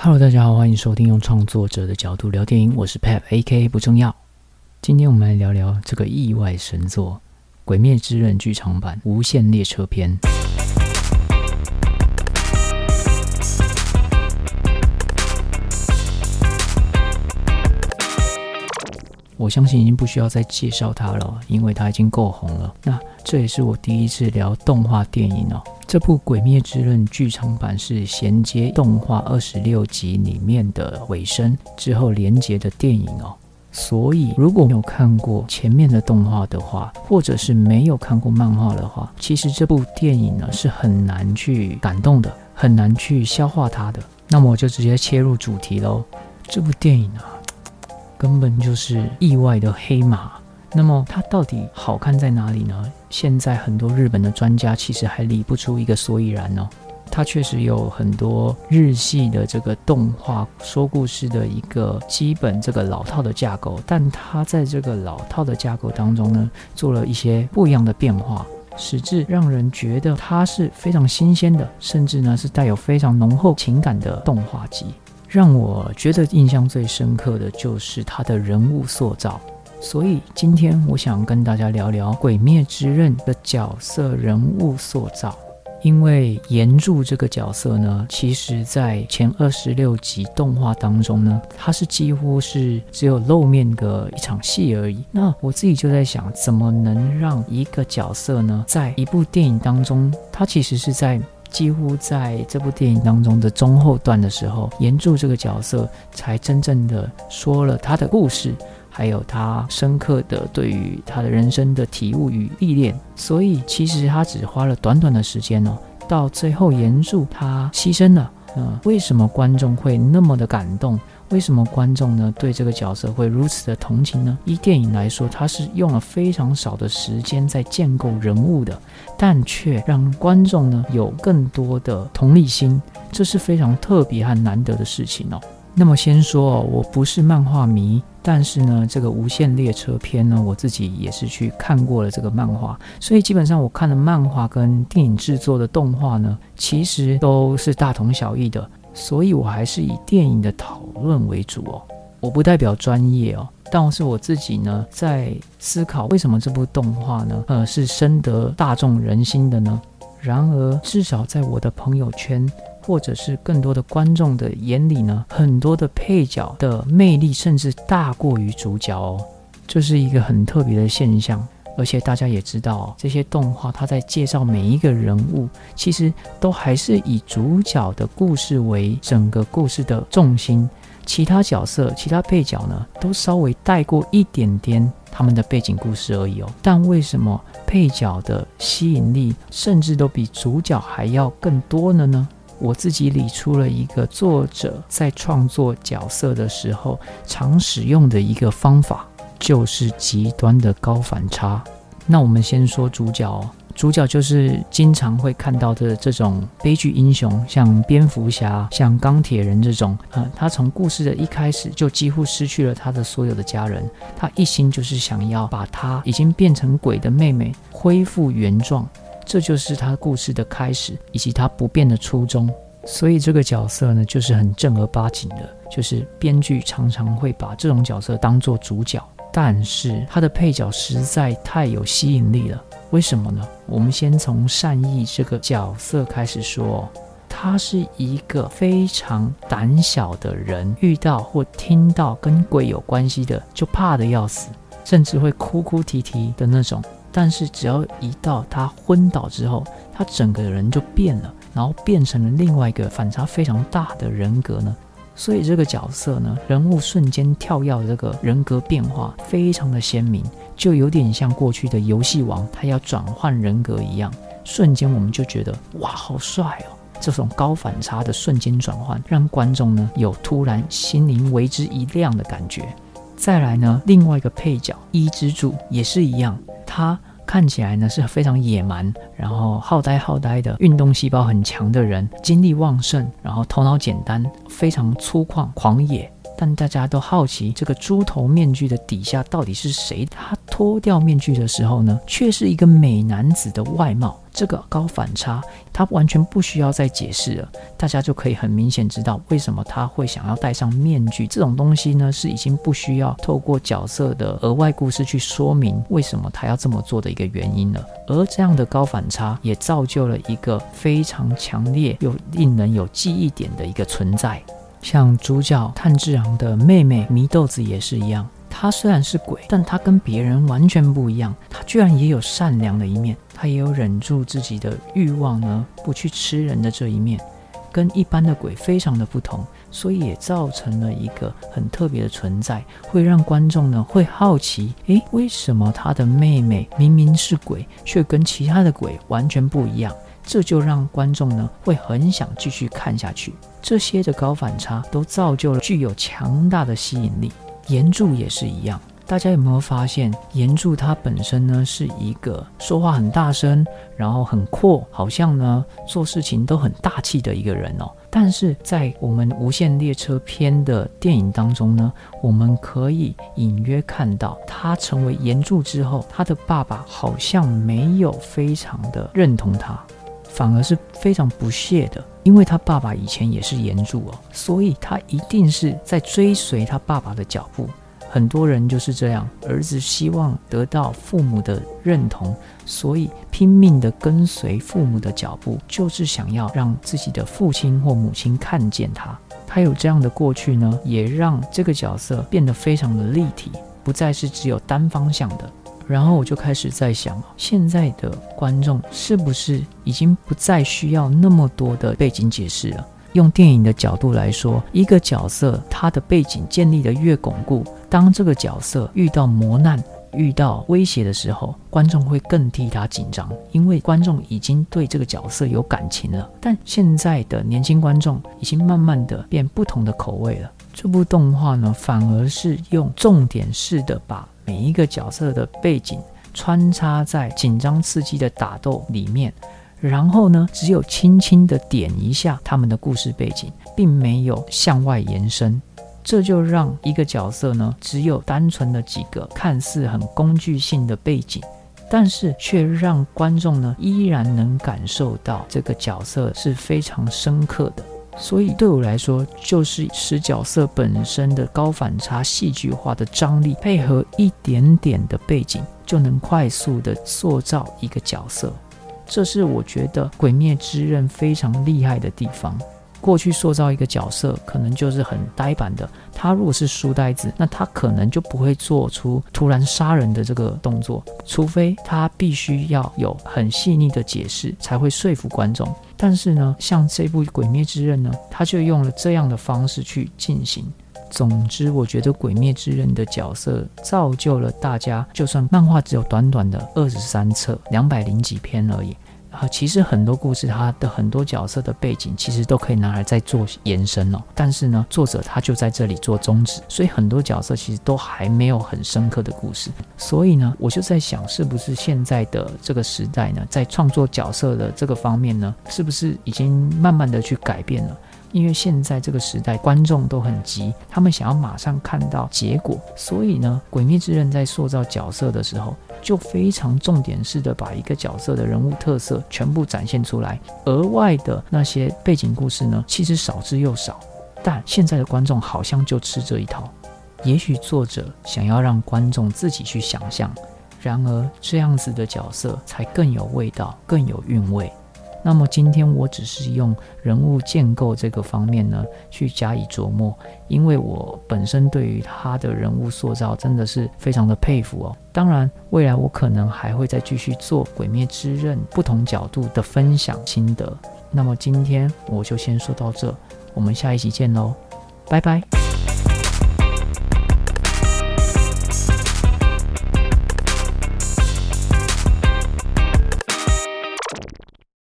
Hello，大家好，歡迎收聽用創作者的角度聊電影，我是 Pep A.K. 不重要。今天我們來聊聊這個意外神作《鬼滅之刃》劇場版《無限列車篇。》 我相信已經不需要再介紹它了，因為它已經夠紅了。那。這也是我第一次聊動畫電影哦。這部《鬼滅之刃》劇場版是銜接動畫二十六集裡面的尾聲之後連接的電影哦。所以，如果沒有看過前面的動畫的話，或者是沒有看過漫畫的話，其實這部電影呢是很難去感動的，很難去消化它的。那麼，我就直接切入主題嘍。這部電影呢、啊，根本就是意外的黑馬。那麼它到底好看在哪裡呢？現在很多日本的專家其實還理不出一個所以然呢，哦。它確實有很多日系的這個動畫說故事的一個基本這個老套的架構，但它在這個老套的架構當中呢，做了一些不一樣的變化，使之讓人覺得它是非常新鮮的，甚至呢是帶有非常濃厚情感的動畫集。讓我覺得印象最深刻的就是它的人物塑造。所以今天我想跟大家聊聊《鬼滅之刃》的角色人物塑造。因為炎柱這個角色呢，其實在前二十六集動畫當中呢，他是幾乎是只有露面的一場戲而已。那我自己就在想，怎麼能讓一個角色呢，在一部電影當中，他其實是在幾乎在這部電影當中的中後段的時候，炎柱這個角色才真正的說了他的故事。還有他深刻的對於他的人生的體悟與歷練，所以其實他只花了短短的時間哦，到最後炎柱他犧牲了，嗯，為什麼觀眾會那麼的感動？為什麼觀眾呢對這個角色會如此的同情呢？以電影來說，它是用了非常少的時間在建構人物的，但卻讓觀眾呢有更多的同理心，這是非常特別和難得的事情哦。那麼先說哦，我不是漫畫迷，但是呢，這個《無限列車》篇呢，我自己也是去看過了這個漫畫，所以基本上我看的漫畫跟電影製作的動畫呢，其實都是大同小異的，所以我還是以電影的討論為主哦。我不代表專業哦，但是我自己呢，在思考為什麼這部動畫呢，呃，是深得大眾人心的呢？然而，至少在我的朋友圈。或者是更多的觀眾的眼裡呢，很多的配角的魅力甚至大過於主角哦，這、就是一個很特別的現象。而且大家也知道哦，這些動畫它在介紹每一個人物，其實都還是以主角的故事為整個故事的重心，其他角色、其他配角呢，都稍微帶過一點點他們的背景故事而已哦。但為什麼配角的吸引力甚至都比主角還要更多了呢？我自己理出了一個作者在創作角色的時候常使用的一個方法，就是極端的高反差。那我們先說主角哦，主角就是經常會看到的這種悲劇英雄，像蝙蝠俠、像鋼鐵人這種啊，嗯，他從故事的一開始就幾乎失去了他的所有的家人，他一心就是想要把他已經變成鬼的妹妹恢復原狀。這就是他故事的開始，以及他不變的初衷。所以這個角色呢，就是很正兒八經的，就是編劇常常會把這種角色當做主角。但是他的配角實在太有吸引力了，為什麼呢？我們先從善逸這個角色開始說，他是一個非常膽小的人，遇到或聽到跟鬼有關係的，就怕得要死，甚至會哭哭啼啼的那種。但是，只要一到他昏倒之後，他整個人就變了，然後變成了另外一個反差非常大的人格呢。所以這個角色呢，人物瞬間跳躍這個人格變化非常的鮮明，就有點像過去的遊戲王，他要轉換人格一樣，瞬間我們就覺得哇，好帥哦！這種高反差的瞬間轉換，讓觀眾呢有突然心靈為之一亮的感覺。再來呢，另外一個配角伊之助也是一樣。他看起來呢是非常野蠻，然後好呆好呆的，運動細胞很強的人，精力旺盛，然後頭腦簡單，非常粗獷、狂野。但大家都好奇這個豬頭面具的底下到底是誰？他脫掉面具的時候呢，卻是一個美男子的外貌。這個高反差，它完全不需要再解釋了，大家就可以很明顯知道為什麼他會想要戴上面具。這種東西呢，是已經不需要透過角色的額外故事去說明為什麼他要這麼做的一個原因了。而這樣的高反差也造就了一個非常強烈又令人有記憶點的一個存在。像主角炭治郎的妹妹禰豆子也是一樣，她雖然是鬼，但她跟別人完全不一樣，她居然也有善良的一面。他也有忍住自己的慾望呢，不去吃人的這一面，跟一般的鬼非常的不同，所以也造成了一個很特別的存在，會讓觀眾呢會好奇，誒，為什麼他的妹妹明明是鬼，卻跟其他的鬼完全不一樣？這就讓觀眾呢會很想繼續看下去。這些的高反差都造就了具有強大的吸引力，原著也是一樣。大家有沒有發現，炎柱他本身呢是一個說話很大聲，然後很闊，好像呢做事情都很大氣的一個人哦。但是在我們《無限列車篇》的電影當中呢，我們可以隱約看到他成為炎柱之後，他的爸爸好像沒有非常的認同他，反而是非常不屑的，因為他爸爸以前也是炎柱哦，所以他一定是在追隨他爸爸的腳步。很多人就是這樣，兒子希望得到父母的認同，所以拼命地跟隨父母的腳步，就是想要讓自己的父親或母親看見他。他有這樣的過去呢，也讓這個角色變得非常的立體，不再是只有單方向的。然後我就開始在想，現在的觀眾是不是已經不再需要那麼多的背景解釋了？用電影的角度來說，一個角色他的背景建立得越鞏固，當這個角色遇到磨難、遇到威脅的時候，觀眾會更替他緊張，因為觀眾已經對這個角色有感情了。但現在的年輕觀眾已經慢慢的變不同的口味了。這部動畫呢，反而是用重點式的把每一個角色的背景穿插在緊張刺激的打鬥裡面。然後呢，只有輕輕地點一下他們的故事背景，並沒有向外延伸，這就讓一個角色呢，只有單純的幾個看似很工具性的背景，但是卻讓觀眾呢依然能感受到這個角色是非常深刻的。所以對我來說，就是使角色本身的高反差、戲劇化的張力，配合一點點的背景，就能快速地塑造一個角色。這是我覺得《鬼滅之刃》非常厲害的地方。過去塑造一個角色，可能就是很呆板的。他如果是書呆子，那他可能就不會做出突然殺人的這個動作，除非他必須要有很細膩的解釋才會說服觀眾。但是呢，像這部《鬼滅之刃》呢，他就用了這樣的方式去進行。總之，我覺得《鬼滅之刃》的角色造就了大家。就算漫畫只有短短的二十三冊、兩百零幾篇而已啊，其實很多故事，它的很多角色的背景，其實都可以拿來再做延伸哦。但是呢，作者他就在這裡做終止，所以很多角色其實都還沒有很深刻的故事。所以呢，我就在想，是不是現在的這個時代呢，在創作角色的這個方面呢，是不是已經慢慢的去改變了？因為現在這個時代，觀眾都很急，他們想要馬上看到結果，所以呢，《鬼滅之刃》在塑造角色的時候，就非常重點式的把一個角色的人物特色全部展現出來，額外的那些背景故事呢，其實少之又少。但現在的觀眾好像就吃這一套，也許作者想要讓觀眾自己去想象，然而這樣子的角色才更有味道，更有韻味。那麼今天我只是用人物建構這個方面呢，去加以琢磨，因為我本身對於他的人物塑造真的是非常的佩服哦。當然，未來我可能還會再繼續做《鬼滅之刃》不同角度的分享心得。那麼今天我就先說到這，我們下一期見嘍，拜拜。